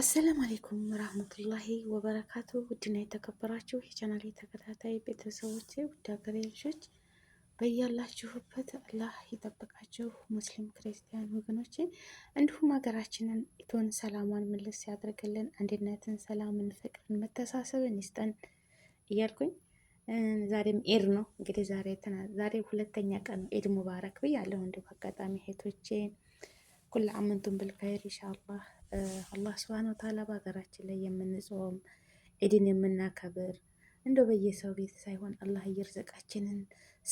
አሰላም አሌይኩም ረህመቱላሂ ወበረካቱ። ውድና የተከበራችሁ የቻናሌ ተከታታይ ቤተሰቦች፣ ውድ ሀገሬ ልጆች በያላችሁበት አላህ ይጠብቃችሁ። ሙስሊም ክርስቲያን ወገኖቼ እንዲሁም ሀገራችንን ኢቶን ሰላሟን ምልስ ያደርግልን፣ አንድነትን፣ ሰላምን፣ ፍቅርን፣ መተሳሰብን ይስጠን እያልኩኝ ዛሬም ኤድ ነው እንግዲህ ዛሬ ዛሬ ሁለተኛ ቀን ነው። ኤድ ሙባረክ ብያለሁ። እንዲሁ አጋጣሚ ሄቶቼ ኩላ አመንቱን ብልኸይር ኢንሻአላህ አላህ ስብሃነ ወተዓላ በሀገራችን ላይ የምንጾም ኢድን የምናከብር እንደው በየሰው ቤት ሳይሆን አላህ እየርዘቃችንን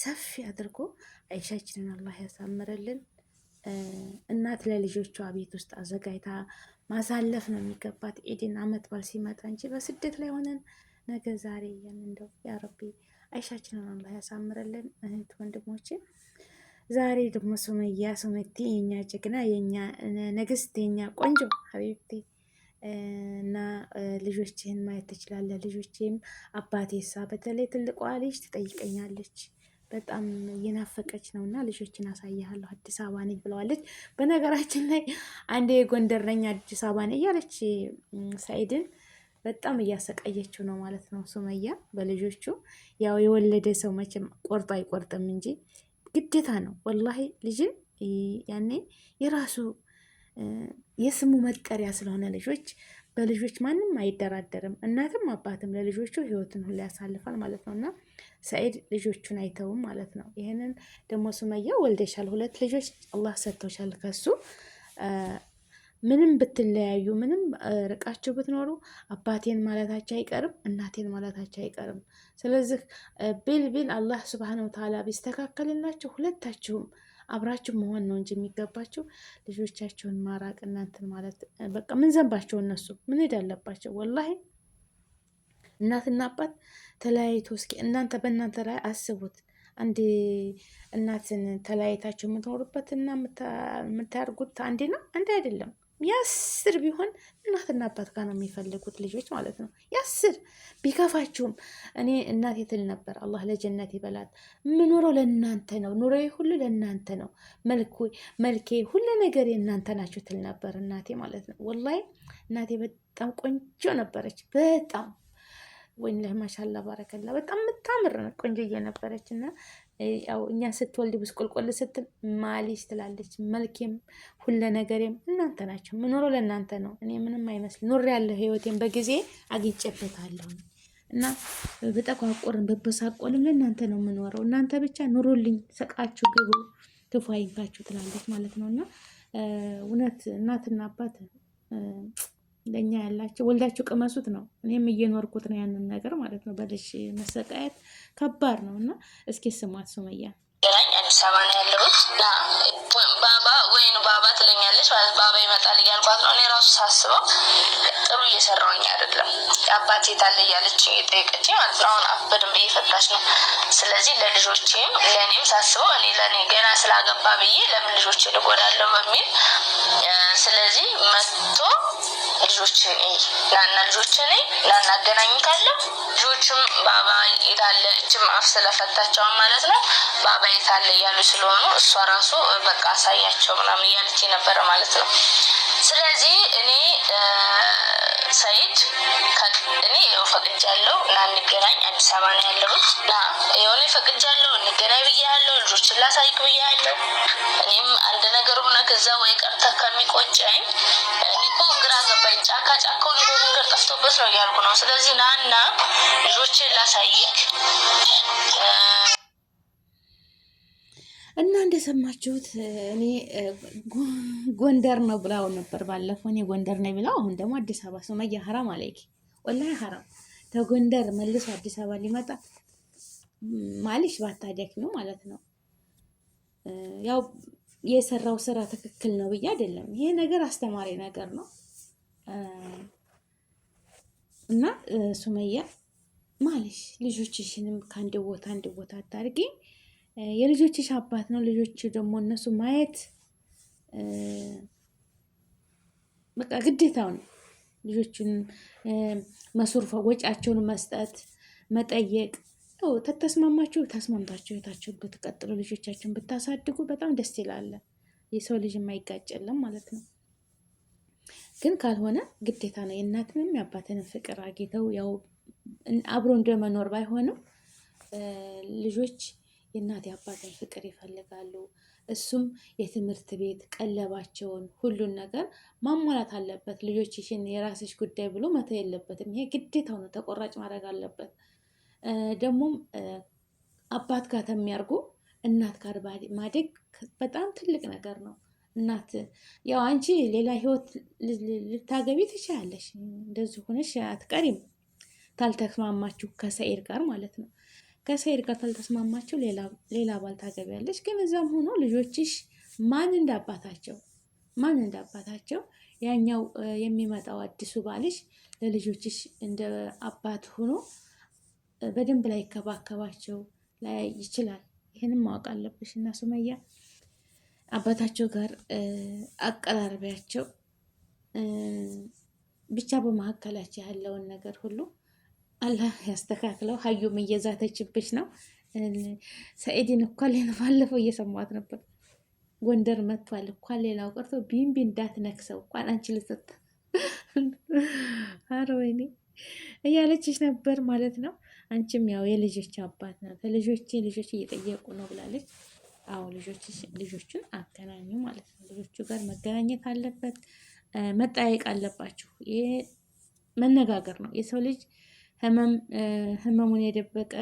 ሰፊ አድርጎ አይሻችንን አላህ ያሳምርልን። እናት ለልጆቿ ቤት ውስጥ አዘጋጅታ ማሳለፍ ነው የሚገባት ኢድን አመት ባል ሲመጣ እንጂ በስደት ላይ ሆነን ነገ ዛሬ የምንደው ያ ረቢ አይሻችንን አላህ ያሳምርልን። እህት ወንድሞቼ ዛሬ ደግሞ ሱመያ ሱመቲ የኛ ጀግና የኛ ንግስት የኛ ቆንጆ ሀቢብቲ እና ልጆችህን ማየት ትችላለህ። ልጆችም አባቴሳ በተለይ ትልቋ ልጅ ትጠይቀኛለች በጣም እየናፈቀች ነው እና ልጆችን አሳያለሁ አዲስ አበባ ነኝ ብለዋለች። በነገራችን ላይ አንዴ የጎንደር ነኝ አዲስ አበባ ነኝ እያለች ሰኢድን በጣም እያሰቃየችው ነው ማለት ነው ሱመያ በልጆቹ። ያው የወለደ ሰው መቼም ቆርጦ አይቆርጥም እንጂ ግዴታ ነው። ወላሂ ልጅን ያኔ የራሱ የስሙ መጠሪያ ስለሆነ ልጆች በልጆች ማንም አይደራደርም። እናትም አባትም ለልጆቹ ህይወትን ሁላ ያሳልፋል ማለት ነው። እና ሰኢድ ልጆቹን አይተውም ማለት ነው። ይህንን ደግሞ ሱመያ ወልደሻል፣ ሁለት ልጆች አላህ ሰጥቶሻል ከሱ ምንም ብትለያዩ ምንም ርቃችሁ ብትኖሩ አባቴን ማለታቸው አይቀርም፣ እናቴን ማለታቸው አይቀርም። ስለዚህ ቢል ቢል አላህ ስብሓን ወተዓላ ቢስተካከልላችሁ ሁለታችሁም አብራችሁ መሆን ነው እንጂ የሚገባችሁ ልጆቻችሁን ማራቅ እናንትን ማለት በቃ ምን ዘንባቸው እነሱ ምን ሄድ አለባቸው? ወላሂ እናትና አባት ተለያይቶ እስኪ እናንተ በእናንተ ላይ አስቡት። አንድ እናትን ተለያይታችሁ የምትኖሩበት እና የምታደርጉት አንዴ ነው፣ አንዴ አይደለም። የአስር ቢሆን እናትና አባት ጋር ነው የሚፈልጉት ልጆች ማለት ነው። የአስር ቢከፋችሁም እኔ እናቴ ትል ነበር፣ አላህ ለጀነት ይበላት። የምኖረው ለእናንተ ነው፣ ኑሮዬ ሁሉ ለእናንተ ነው፣ መልኬ ሁሉ ነገር የእናንተ ናቸው ትል ነበር እናቴ ማለት ነው። ወላይ እናቴ በጣም ቆንጆ ነበረች፣ በጣም ወይ ማሻላ ባረከላ፣ በጣም የምታምር ቆንጆዬ ነበረች እና ያው እኛ ስትወልድ ብስቆልቆል ስትል ማሊሽ ትላለች። መልኬም ሁለ ነገሬም እናንተ ናቸው። ምኖረው ለእናንተ ነው። እኔ ምንም አይመስል ኖር ያለ ህይወቴም በጊዜ አግኝጨበታለሁ እና በጠቋቆርን በበሳቆልም ለእናንተ ነው የምኖረው። እናንተ ብቻ ኑሩልኝ፣ ሰቃችሁ ግቡ፣ ክፉ አይንካችሁ ትላለች ማለት ነው እና እውነት እናትና አባት ለእኛ ያላቸው ወልዳችሁ ቅመሱት ነው። እኔም እየኖርኩት ነው ያንን ነገር ማለት ነው። በልጅ መሰቃየት ከባድ ነው እና እስኪ ስሟት ሱመያ አዲስ አበባ ነው ያለሁት እና ባባ ወይኑ ባባ ትለኛለች ማለት ባባ ይመጣል እያልኳት ነው። እኔ ራሱ ሳስበው ጥሩ እየሰራውኝ አይደለም። አባቴ ታለ እያለች የጠየቀች ማለት ነው። አሁን አፍ በደንብ እየፈታች ነው። ስለዚህ ለልጆቼም ለእኔም ሳስበው እኔ ለእኔ ገና ስላገባ ብዬ ለምን ልጆች ልጎዳለሁ በሚል ስለዚህ መጥቶ ልጆችን ናና ልጆችን ናና አገናኝ ካለ ልጆችም ባባ የታለ እጅም አፍ ስለፈታቸውን ማለት ነው ባባ የታለ እያሉ ስለሆኑ እሷ ራሱ በቃ አሳያቸው ምናምን እያለች ነበረ ማለት ነው። ስለዚህ እኔ ሰይድ እኔ ው ፈቅጃለሁ ና እንገናኝ፣ አዲስ አበባ ነው ያለሁት ና የሆነ ፈቅጃለሁ እንገናኝ ብያለሁ፣ ልጆች ላሳይክ ብያለሁ። እኔም አንድ ነገር ሆነ ከዛ ወይ ቀርታ ከሚቆጨኝ እኮ ግራ ገባኝ። ጫካ ጫካው ሄደ መንገድ ጠፍቶበት ነው እያልኩ ነው። ስለዚህ ናና ልጆችን ላሳይክ እና እንደሰማችሁት እኔ ጎንደር ነው ብላው ነበር ባለፈው። እኔ ጎንደር ነኝ ብላው፣ አሁን ደግሞ አዲስ አበባ ሱመያ ሀራም አለይኪ ወላሂ ሀራም ተጎንደር መልሶ አዲስ አበባ ሊመጣ ማልሽ ባታደክ ነው ማለት ነው። ያው የሰራው ስራ ትክክል ነው ብዬ አይደለም። ይሄ ነገር አስተማሪ ነገር ነው እና ሱመያ ማለሽ ልጆችሽንም ከአንድ ቦታ አንድ ቦታ አታርጊ። የልጆችሽ አባት ነው። ልጆች ደግሞ እነሱ ማየት በቃ ግዴታው ነው። ልጆቹን መሱርፈ ወጫቸውን መስጠት መጠየቅ ያው ተተስማማችሁ ተስማምታችሁ ህይወታችሁን ብትቀጥሉ ልጆቻችሁን ብታሳድጉ በጣም ደስ ይላለ። የሰው ልጅ የማይጋጨለም ማለት ነው። ግን ካልሆነ ግዴታ ነው። የእናትንም የአባትንም ፍቅር አግኝተው ያው አብሮ እንደመኖር ባይሆንም ልጆች የእናት አባትን ፍቅር ይፈልጋሉ። እሱም የትምህርት ቤት ቀለባቸውን፣ ሁሉን ነገር ማሟላት አለበት። ልጆችሽን የራስሽ ጉዳይ ብሎ መተው የለበትም። ይሄ ግዴታው ነው፣ ተቆራጭ ማድረግ አለበት። ደግሞም አባት ጋር ተሚያርጉ እናት ጋር ማደግ በጣም ትልቅ ነገር ነው። እናት ያው አንቺ ሌላ ህይወት ልታገቢ ትችላለሽ። እንደዚሁ ሆነሽ አትቀሪም፣ ታልተስማማችሁ ከሰኤድ ጋር ማለት ነው። ከሰይድ ጋር ካልተስማማችሁ ሌላ ባል ታገቢያለች። ግን እዛም ሆኖ ልጆችሽ ማን እንዳባታቸው ማን እንዳባታቸው ያኛው የሚመጣው አዲሱ ባልሽ ለልጆችሽ እንደ አባት ሆኖ በደንብ ላይ ይከባከባቸው ላይ ይችላል። ይህንም ማወቅ አለብሽ እና ሱመያ አባታቸው ጋር አቀራርቢያቸው ብቻ በመካከላቸው ያለውን ነገር ሁሉ አላህ ያስተካክለው። ሀዩም እየዛተችብሽ ነው። ሰኢድን እኳ ሌላ ባለፈው እየሰማት ነበር። ጎንደር መጥቷል እኳ ሌላው ቀርቶ ቢንቢ እንዳትነክሰው እኳን አንቺ ልሰጥ አረ ወይኔ እያለችሽ ነበር ማለት ነው። አንቺም ያው የልጆች አባት ናት። ልጆች ልጆች እየጠየቁ ነው ብላለች። አዎ ልጆችን አገናኙ ማለት ነው። ልጆቹ ጋር መገናኘት አለበት፣ መጠያየቅ አለባችሁ። መነጋገር ነው የሰው ልጅ ህመሙን የደበቀ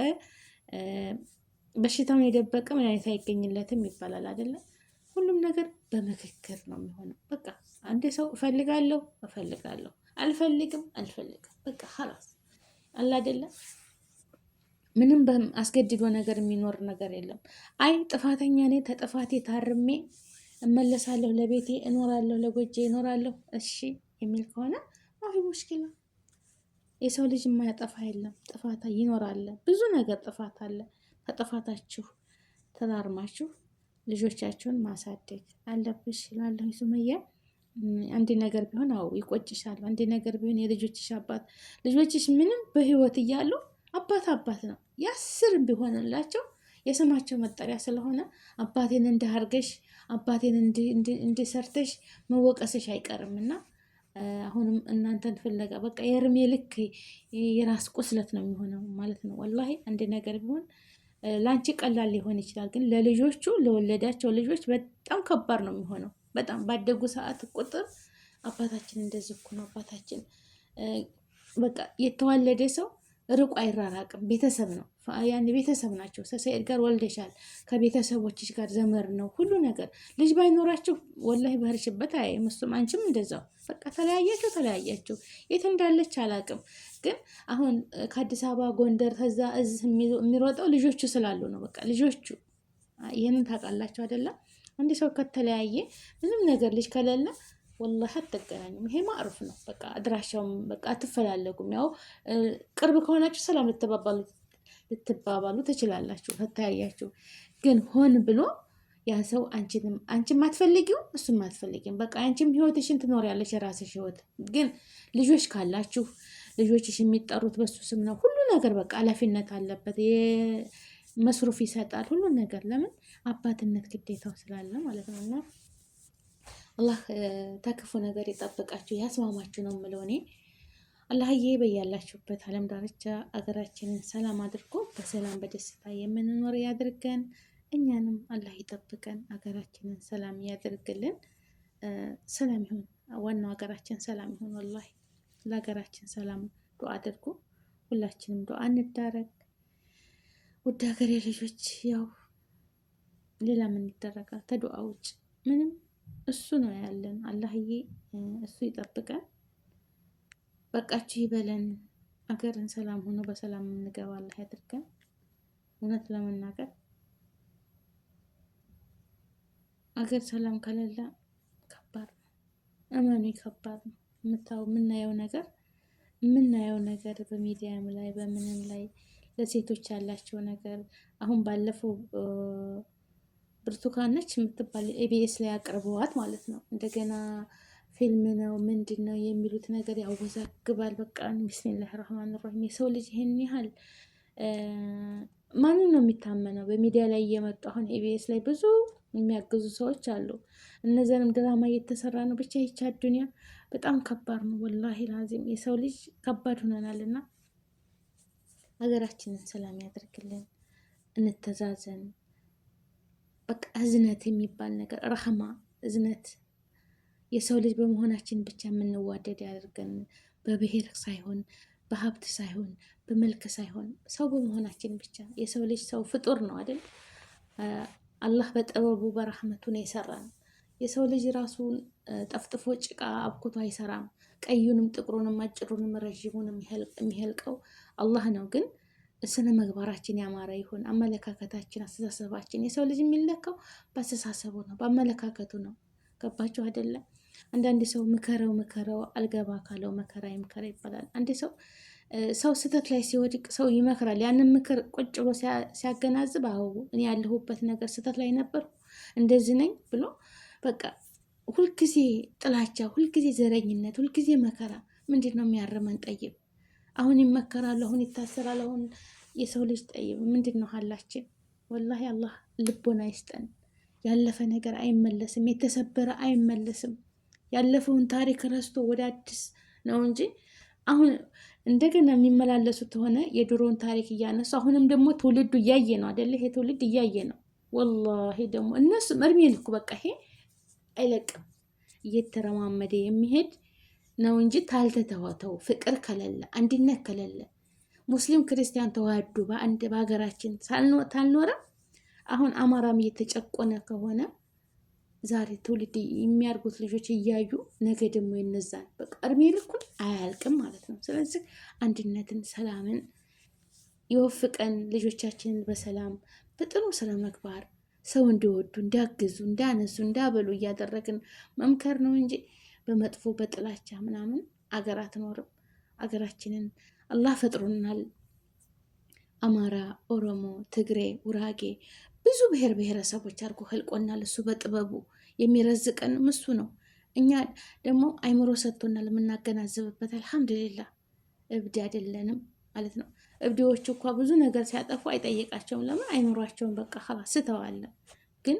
በሽታውን የደበቀ መድኃኒት አይገኝለትም ይባላል አይደለም። ሁሉም ነገር በምክክር ነው የሚሆነው። በቃ አንድ ሰው እፈልጋለሁ እፈልጋለሁ አልፈልግም አልፈልግም በቃ ሀላስ አለ አይደለም። ምንም አስገድዶ ነገር የሚኖር ነገር የለም። አይ ጥፋተኛ እኔ ተጥፋቴ ታርሜ እመለሳለሁ፣ ለቤቴ እኖራለሁ፣ ለጎጄ እኖራለሁ እሺ የሚል ከሆነ አሁ ሙሽኪል ነው። የሰው ልጅ የማያጠፋ የለም። ጥፋታ ይኖራል። ብዙ ነገር ጥፋት አለ። ከጥፋታችሁ ተራርማችሁ ልጆቻችሁን ማሳደግ አለብሽ ይላለሁ ሱመያ አንድ ነገር ቢሆን አዎ ይቆጭሻል። አንድ ነገር ቢሆን የልጆችሽ አባት ልጆችሽ ምንም በህይወት እያሉ አባት አባት ነው ያስር ቢሆንላቸው የስማቸው መጠሪያ ስለሆነ አባቴን እንዳርገሽ አባቴን እንዲሰርተሽ መወቀስሽ አይቀርም አሁንም እናንተን ፍለጋ በቃ የእርሜ ልክ የራስ ቁስለት ነው የሚሆነው ማለት ነው። ወላሂ አንድ ነገር ቢሆን ለአንቺ ቀላል ሊሆን ይችላል፣ ግን ለልጆቹ ለወለዳቸው ልጆች በጣም ከባድ ነው የሚሆነው። በጣም ባደጉ ሰዓት ቁጥር አባታችን እንደዚህ እኮ ነው አባታችን በቃ የተዋለደ ሰው ርቆ አይራራቅም። ቤተሰብ ነው፣ ያኔ ቤተሰብ ናቸው። ከሰኢድ ጋር ወልደሻል፣ ከቤተሰቦችሽ ጋር ዘመር ነው ሁሉ ነገር። ልጅ ባይኖራችሁ ወላሂ በህርሽበት አያይም፣ አንችም አንቺም እንደዛው። በቃ ተለያያችሁ ተለያያችሁ። የት እንዳለች አላቅም፣ ግን አሁን ከአዲስ አበባ ጎንደር፣ ከዛ እዚህ የሚሮጠው ልጆቹ ስላሉ ነው። በቃ ልጆቹ ይህንን ታውቃላችሁ አይደለም? አንድ ሰው ከተለያየ ምንም ነገር ልጅ ከሌለ ወላሂ አትገናኙም። ይሄ ማዕሩፍ ነው። በቃ አድራሻውም በቃ አትፈላለጉም። ያው ቅርብ ከሆናችሁ ሰላም ልትባባሉ ትችላላችሁ ከተያያችሁ። ግን ሆን ብሎ ያ ሰው አንቺንም አንቺም አትፈልጊውም እሱም አትፈልጊም። በቃ አንቺም ህይወትሽን ትኖሪያለሽ የራስሽ ህይወት። ግን ልጆች ካላችሁ ልጆችሽ የሚጠሩት በሱ ስም ነው። ሁሉ ነገር በቃ ኃላፊነት አለበት። መስሩፍ ይሰጣል ሁሉ ነገር። ለምን አባትነት ግዴታው ስላለ ማለት ነው እና አላህ ተክፉ ነገር ይጠብቃችሁ፣ ያስማማችሁ ነው የምለው እኔ። አላህዬ በያላችሁበት አለም ዳርቻ አገራችንን ሰላም አድርጎ በሰላም በደስታ የምንኖር ያድርገን። እኛንም አላህ ይጠብቀን፣ አገራችንን ሰላም ያድርግልን። ሰላም ይሁን፣ ዋናው ሀገራችን ሰላም ይሁን። ወላሂ ለሀገራችን ሰላም ዱአ አድርጉ፣ ሁላችንም ዱአ እንዳረግ። ውድ ሀገሬ ልጆች፣ ያው ሌላ ምን ይደረጋል? ተዱአ ውጭ ምንም እሱ ነው ያለን። አላህዬ እሱ ይጠብቀን። በቃችሁ ይበለን። አገርን ሰላም ሆኖ በሰላም እንገባ አላህ ያድርገን። እውነት ለመናገር አገር ሰላም ከሌለ ከባድ ነው። እመኑ ከባድ ነው። የምታው የምናየው ነገር የምናየው ነገር በሚዲያም ላይ በምንም ላይ ለሴቶች ያላቸው ነገር አሁን ባለፈው ብርቱካን ነች የምትባል ኤቢኤስ ላይ አቅርበዋት ማለት ነው። እንደገና ፊልም ነው ምንድን ነው የሚሉት ነገር ያወዛግባል። በቃ ቢስሚላህ ራህማን ራሂም የሰው ልጅ ይህን ያህል ማንን ነው የሚታመነው? በሚዲያ ላይ እየመጡ አሁን ኤቢኤስ ላይ ብዙ የሚያግዙ ሰዎች አሉ። እነዚንም ድራማ እየተሰራ ነው። ብቻ ይቻ ዱኒያ በጣም ከባድ ነው። ወላሂ ላዚም የሰው ልጅ ከባድ ሆነናል እና ሀገራችንን ሰላም ያደርግልን፣ እንተዛዘን በቃ እዝነት የሚባል ነገር ረህማ፣ እዝነት የሰው ልጅ በመሆናችን ብቻ የምንዋደድ ያደርገን። በብሔር ሳይሆን በሀብት ሳይሆን በመልክ ሳይሆን ሰው በመሆናችን ብቻ። የሰው ልጅ ሰው ፍጡር ነው አይደል? አላህ በጥበቡ በረህመቱ ነው የሰራን። የሰው ልጅ ራሱን ጠፍጥፎ ጭቃ አብኩቶ አይሰራም። ቀዩንም፣ ጥቁሩንም፣ አጭሩንም፣ ረዥሙንም የሚሄልቀው አላህ ነው ግን ስነ ምግባራችን ያማረ ይሁን። አመለካከታችን፣ አስተሳሰባችን የሰው ልጅ የሚለካው በአስተሳሰቡ ነው፣ በአመለካከቱ ነው። ገባችሁ አይደለም? አንዳንድ ሰው ምከረው ምከረው አልገባ ካለው መከራ ይምከረ ይባላል። አንድ ሰው ሰው ስህተት ላይ ሲወድቅ ሰው ይመክራል። ያንን ምክር ቁጭ ብሎ ሲያገናዝብ አዎ እኔ ያለሁበት ነገር ስህተት ላይ ነበርኩ እንደዚህ ነኝ ብሎ በቃ ሁልጊዜ ጥላቻ፣ ሁልጊዜ ዘረኝነት፣ ሁልጊዜ መከራ ምንድን ነው የሚያርመን? ጠይቅ አሁን ይመከራል፣ አሁን ይታሰራል፣ አሁን የሰው ልጅ ጠይብ ምንድን ነው ሀላችን? ወላሂ አላህ ልቦና አይስጠን። ያለፈ ነገር አይመለስም፣ የተሰበረ አይመለስም። ያለፈውን ታሪክ ረስቶ ወደ አዲስ ነው እንጂ አሁን እንደገና የሚመላለሱት ሆነ የድሮውን ታሪክ እያነሱ አሁንም ደግሞ ትውልዱ እያየ ነው አደለ? ይሄ ትውልድ እያየ ነው። ወላሂ ደግሞ እነሱም እድሜ ልኩ በቃ ይሄ አይለቅም እየተረማመደ የሚሄድ ነው እንጂ ካልተተወተው ፍቅር ከሌለ አንድነት ከሌለ ሙስሊም ክርስቲያን ተዋዱ በአንድ በሀገራችን ታልኖረ አሁን አማራም እየተጨቆነ ከሆነ ዛሬ ትውልድ የሚያርጉት ልጆች እያዩ ነገ ደግሞ ይነዛል። በቃ እድሜ ልኩን አያልቅም ማለት ነው። ስለዚህ አንድነትን፣ ሰላምን የወፍቀን ልጆቻችንን በሰላም በጥሩ ስነ ምግባር ሰው እንዲወዱ፣ እንዲያግዙ፣ እንዳነሱ፣ እንዳበሉ እያደረግን መምከር ነው እንጂ በመጥፎ በጥላቻ ምናምን አገር አትኖርም። አገራችንን አላህ ፈጥሮናል። አማራ፣ ኦሮሞ፣ ትግሬ፣ ውራጌ ብዙ ብሔር ብሔረሰቦች አድርጎ ህልቆናል። እሱ በጥበቡ የሚረዝቀን ምሱ ነው። እኛ ደግሞ አይምሮ ሰጥቶናል፣ የምናገናዘብበት አልሐምድሊላ። እብድ አይደለንም ማለት ነው። እብድዎቹ እኳ ብዙ ነገር ሲያጠፉ አይጠይቃቸውም። ለምን አይምሯቸውን በቃ ስተዋለ ግን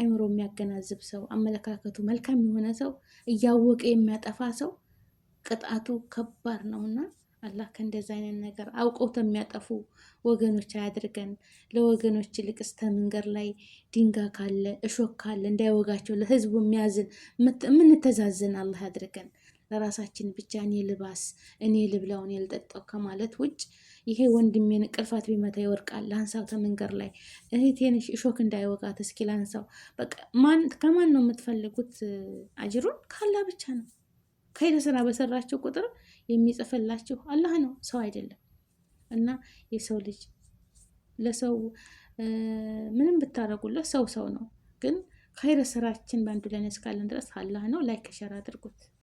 አይምሮ የሚያገናዝብ ሰው፣ አመለካከቱ መልካም የሆነ ሰው፣ እያወቀ የሚያጠፋ ሰው ቅጣቱ ከባድ ነው እና አላህ ከእንደዚ አይነት ነገር አውቀው የሚያጠፉ ወገኖች አያድርገን። ለወገኖች ይልቅ ልቅስ መንገድ ላይ ድንጋይ ካለ እሾክ ካለ እንዳይወጋቸው ለህዝቡ የሚያዝን የምንተዛዝን አላህ ያድርገን። ለራሳችን ብቻ እኔ ልባስ፣ እኔ ልብላው፣ እኔ ልጠጣው ከማለት ውጭ ይሄ ወንድሜን ቅርፋት ቢመታ ይወድቃል። ላንሳው ተመንገር ላይ እህቴን እሾክ እንዳይወጋት እስኪ ላንሳው። ከማን ነው የምትፈልጉት? አጅሩን ካላ ብቻ ነው። ከይደ ስራ በሰራችሁ ቁጥር የሚጽፍላችሁ አላህ ነው፣ ሰው አይደለም። እና የሰው ልጅ ለሰው ምንም ብታረጉለት ሰው ሰው ነው። ግን ከይረ ስራችን በአንዱ ላይ እስካለን ድረስ አላህ ነው። ላይክ ሸር አድርጉት።